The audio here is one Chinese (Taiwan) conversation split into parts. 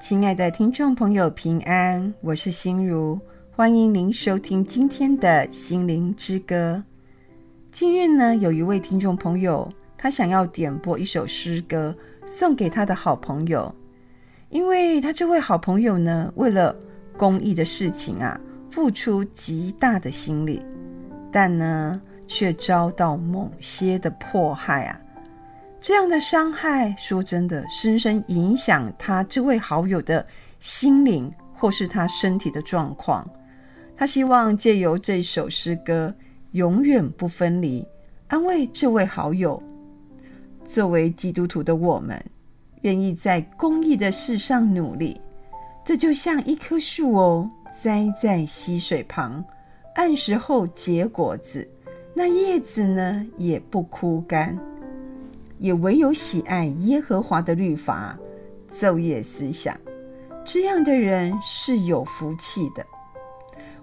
親愛的聽眾朋友，平安，我是心如，歡迎您收聽今天的心靈之歌。近日呢，有一位聽眾朋友，他想要點播一首詩歌送給他的好朋友，因為他這位好朋友呢，為了公益的事情啊，付出極大的心力，但呢，卻遭到某些的迫害啊。這樣的傷害，說真的，深深影響他這位好友的心靈，或是他身體的狀況。他希望借由這首詩歌《永遠不分離》，安慰這位好友。作為基督徒的我們，願意在公益的事上努力。這就像一棵樹哦，栽在溪水旁，按時候結果子，那葉子呢，也不枯乾。也唯有喜愛耶和華的律法，晝夜思想，這樣的人是有福氣的。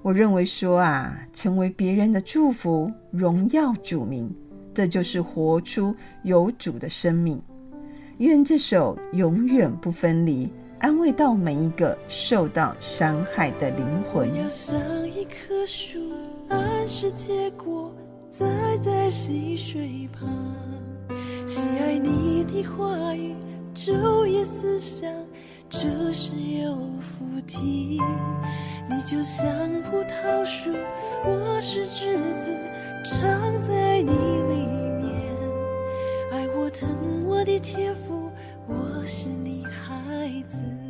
我認為說啊，成為別人的祝福、榮耀主名，這就是活出有主的生命。願這首永遠不分離，安慰到每一個受到傷害的靈魂。要像一棵樹，按時結果，栽在溪水旁。喜愛你的話語，晝夜思想，這是有福的。你就像葡萄樹，我是枝子，長在你裡面。愛我疼我的天父，我是你孩子。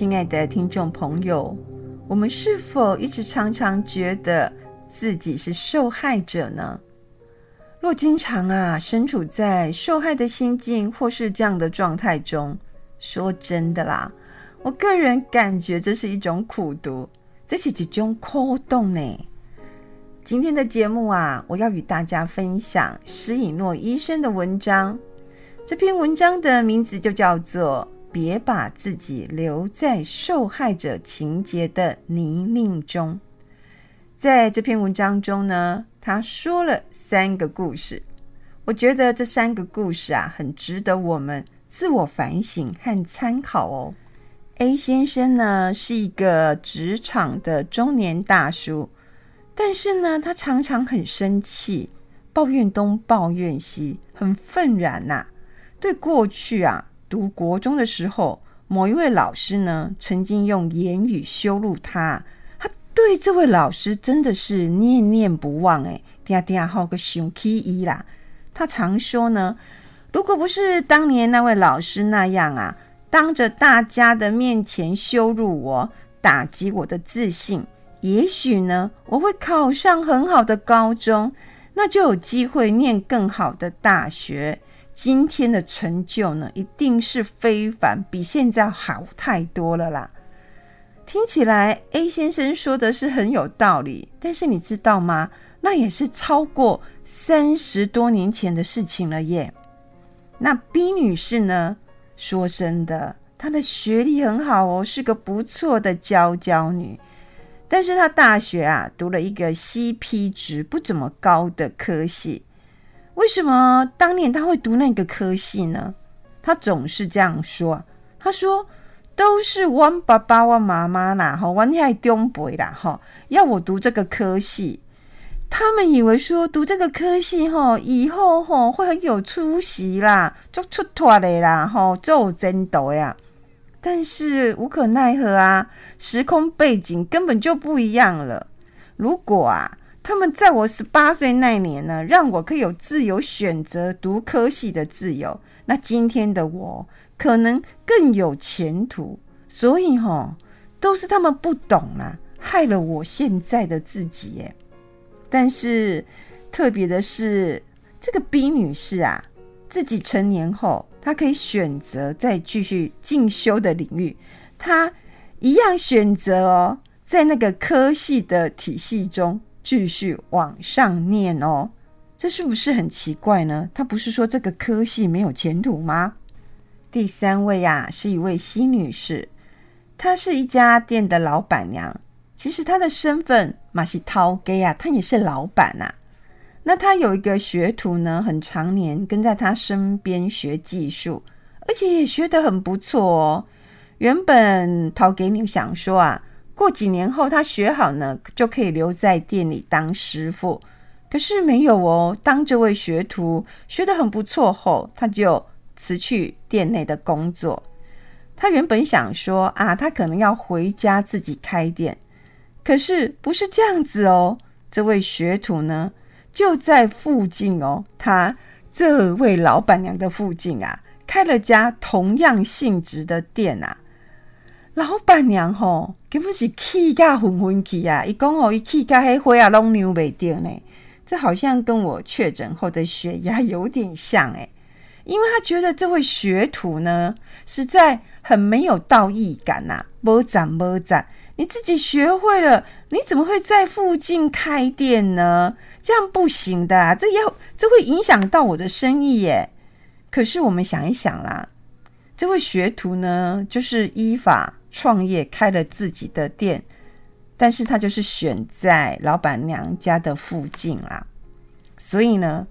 親愛的聽眾朋友，我們是否一直常常覺得自己是受害者呢？若經常啊，身處在受害的心境或是這樣的狀態中，說真的啦，我個人感覺這是一種苦毒，這是一種空洞呢。今天的節目啊，我要與大家分享施以諾醫生的文章，這篇文章的名字就叫做。別把自己留在受害者情結的泥濘中。在這篇文章中呢，他說了三個故事，我覺得這三個故事啊，很值得我們自我反省和參考哦。A 先生呢，是一個職場的中年大叔，但是呢，他常常很生氣，抱怨東抱怨西，很憤然吶、啊，對過去啊。讀國中的時候，某一位老師呢，曾經用言語羞辱他，他對這位老師真的是念念不忘。哎，天天好個想起伊啦。他常說呢，如果不是當年那位老師那樣啊，當着大家的面前羞辱我，打擊我的自信，也許呢，我會考上很好的高中，那就有機會念更好的大學。今天的成就呢，一定是非凡，比現在好太多了啦！聽起來 A 先生說的是很有道理，但是你知道嗎？那也是超過三十多年前的事情了耶。那 B 女士呢？說真的，她的學歷很好哦，是個不錯的嬌嬌女，但是她大學啊，讀了一個 CP 值不怎麼高的科系。為什麼當年他會讀那個科系呢？他總是這樣說。他說：“都是我爸爸、我媽媽啦，吼，完全係長輩啦，吼，要我讀這個科系。他們以為說讀這個科系，吼，以後吼會很有出息啦，就出脫的啦，吼，就真的呀。但是無可奈何啊，時空背景根本就不一樣了。如果啊。”他們在我十八歲那年呢，讓我可以有自由選擇讀科系的自由。那今天的我可能更有前途，所以吼，都是他們不懂啊，害了我現在的自己耶。但是特別的是，這個 B 女士啊，自己成年後，她可以選擇再繼續進修的領域，她一樣選擇哦，在那個科系的體系中。繼續往上念哦，這是不是很奇怪呢？他不是說這個科系沒有前途嗎？第三位呀、啊，是一位西女士，她是一家店的老板娘。其實她的身份嘛，是陶給啊，她也是老板吶、啊。那她有一個學徒呢，很常年跟在她身邊學技術，而且也學得很不錯哦。原本陶給你想說啊。過幾年後，他學好呢，就可以留在店裡當師傅。可是沒有哦，當這位學徒學得很不錯後，他就辭去店內的工作。他原本想說啊，他可能要回家自己開店。可是不是這樣子哦，這位學徒呢，就在附近哦，他這位老闆娘的附近啊，開了家同樣性質的店啊。老闆娘吼，根本是氣加混混氣啊！一講哦，一氣加黑灰啊，攏牛尾定呢。這好像跟我確診後的血壓有點像誒、欸，因為他覺得這位學徒呢，實在很沒有道義感吶、啊。不長不長，你自己學會了，你怎麼會在附近開店呢？這樣不行的、啊，這要這會影響到我的生意耶、欸。可是我們想一想啦，這位學徒呢，就是依法。創業開了自己的店，但是他就是選在老闆娘家的附近啦。所以呢，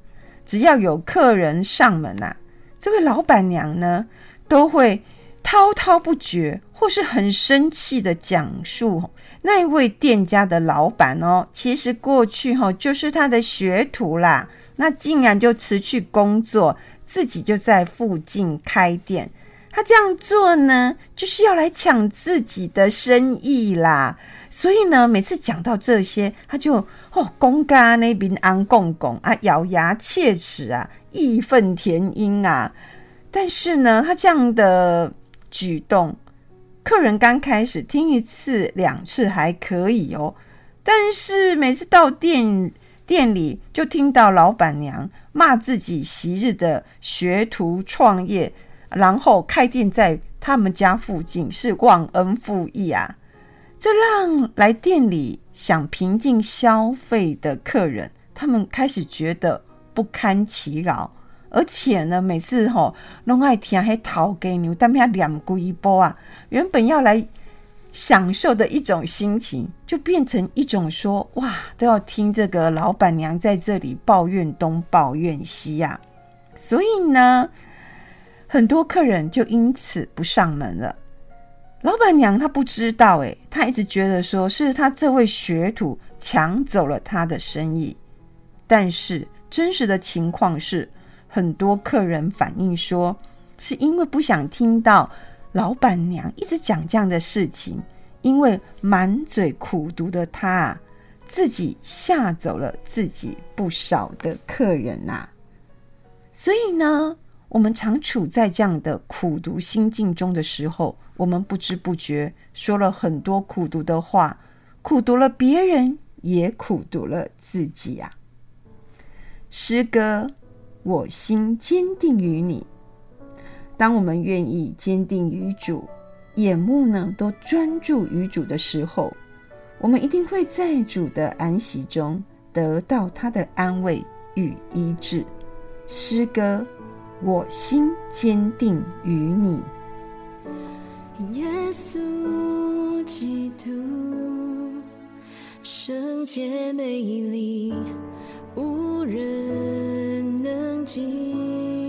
只要有客人上門吶，這位老闆娘呢都會滔滔不絕或是很生氣的講述那一位店家的老闆哦，其實過去哦，就是他的學徒啦，那竟然就辭去工作，自己就在附近開店。他這樣做呢，就是要來搶自己的生意啦。所以呢，每次講到這些，他就哦，公家那邊安公公啊，咬牙切齒啊，義憤填膺啊。但是呢，他這樣的舉動，客人剛開始聽一次兩次還可以哦，但是每次到店店裡就聽到老闆娘罵自己昔日的學徒創業。然後開店在他們家附近是忘恩負義啊！這讓來店裡想平靜消費的客人，他們開始覺得不堪其擾。而且呢，每次吼、哦、弄愛聽還逃給你，但人家兩股一波啊，原本要來享受的一種心情，就變成一種說，哇，都要聽這個老闆娘在這裡抱怨東抱怨西呀，啊！所以呢。很多客人就因此不上門了。老闆娘她不知道、欸，哎，她一直覺得說是她這位學徒搶走了她的生意。但是真實的情況是，很多客人反映說，是因為不想聽到老闆娘一直講這樣的事情，因為滿嘴苦毒的她啊，自己嚇走了自己不少的客人吶、啊。所以呢。我們常處在這樣的苦毒心境中的時候，我們不知不覺說了很多苦毒的話，苦毒了別人，也苦毒了自己啊。詩歌，我心堅定於你。當我們願意堅定於主，眼目呢都專注於主的時候，我們一定會在主的安息中得到他的安慰與醫治。詩歌。我心堅定於你，耶穌基督，聖潔美麗，無人能及。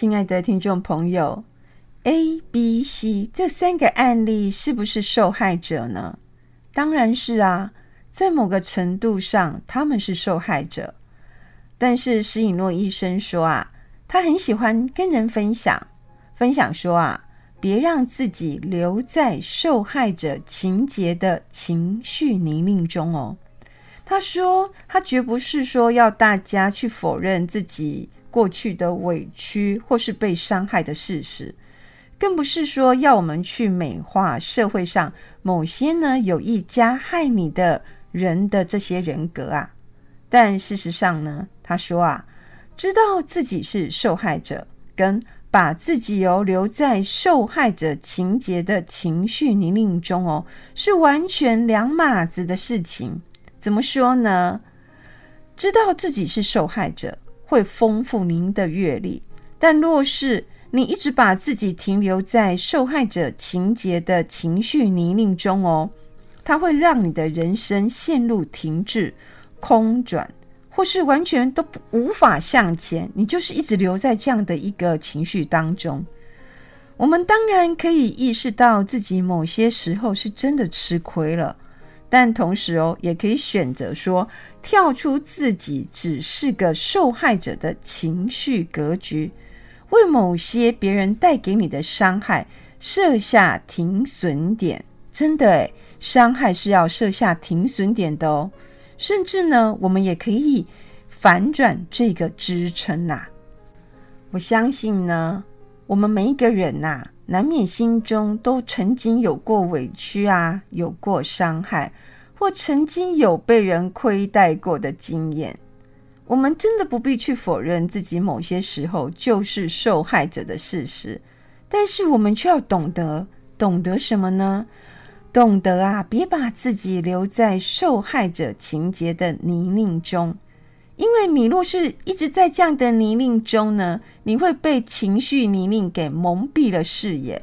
親愛的聽眾朋友，A、B、C 這三個案例是不是受害者呢？當然是啊，在某個程度上他們是受害者。但是施以諾醫生說啊，他很喜歡跟人分享，分享說啊，別讓自己留在受害者情結的情緒泥濘中哦。他說，他絕不是說要大家去否認自己。過去的委屈或是被傷害的事實，更不是說要我們去美化社會上某些呢有意加害你的人的這些人格啊。但事實上呢，他說啊，知道自己是受害者，跟把自己哦留在受害者情結的情緒泥濘中哦，是完全兩碼子的事情。怎麼說呢？知道自己是受害者，會豐富您的閱歷，但若是你一直把自己停留在受害者情節的情緒泥濘中哦，它會讓你的人生陷入停滯、空轉，或是完全都不無法向前。你就是一直留在這樣的一個情緒當中。我們當然可以意識到自己某些時候是真的吃虧了。但同時哦，也可以選擇說，跳出自己只是個受害者的情緒格局，為某些別人帶給你的傷害設下停損點。真的誒，傷害是要設下停損點的哦。甚至呢，我們也可以反轉這個支撐吶、啊。我相信呢。我們每一個人吶、啊，難免心中都曾經有過委屈啊，有過傷害，或曾經有被人虧待過的經驗。我們真的不必去否認自己某些時候就是受害者的事實，但是我們卻要懂得，懂得什麼呢？懂得啊，別把自己留在受害者情結的泥濘中。因為你若是一直在這樣的泥濘中呢，你會被情緒泥濘給蒙蔽了視野，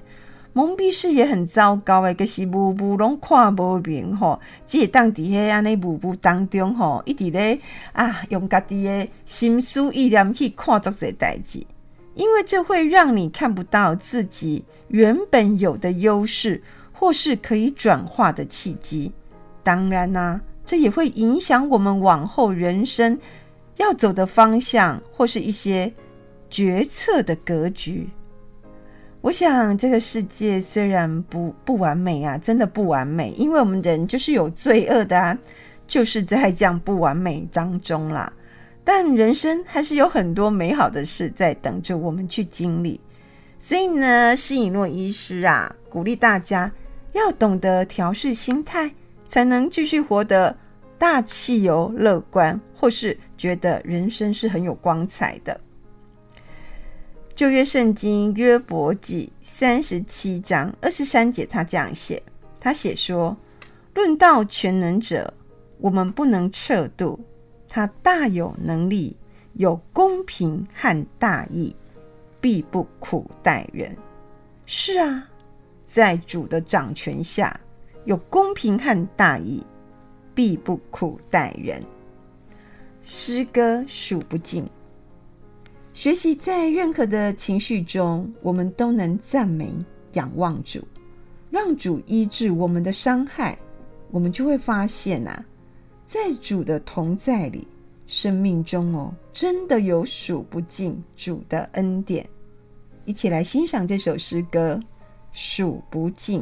蒙蔽視野很糟糕的，就是霧霧攏看不明吼，即係當地遐安尼霧霧當中吼，一直咧啊用家己的心思意念去看做些代志，因為這會讓你看不到自己原本有的優勢，或是可以轉化的契機。當然啦、啊，這也會影響我們往後人生，要走的方向，或是一些決策的格局。我想，這個世界雖然不不完美啊，真的不完美，因為我們人就是有罪惡的啊，就是在這樣不完美當中啦。但人生還是有很多美好的事在等着我們去經歷。所以呢，施以諾醫師啊，鼓勵大家要懂得調試心態，才能繼續活得大氣又樂觀。或是覺得人生是很有光彩的，《舊約聖經》約伯記三十七章二十三節，他這樣寫：他寫說，論到全能者，我們不能測度，他大有能力，有公平和大義，必不苦待人。是啊，在主的掌權下，有公平和大義，必不苦待人。詩歌數不盡。學習在任何的情緒中，我們都能讚美、仰望主，讓主醫治我們的傷害，我們就會發現啊，在主的同在裡，生命中哦，真的有數不盡主的恩典。一起來欣賞這首詩歌，數不盡。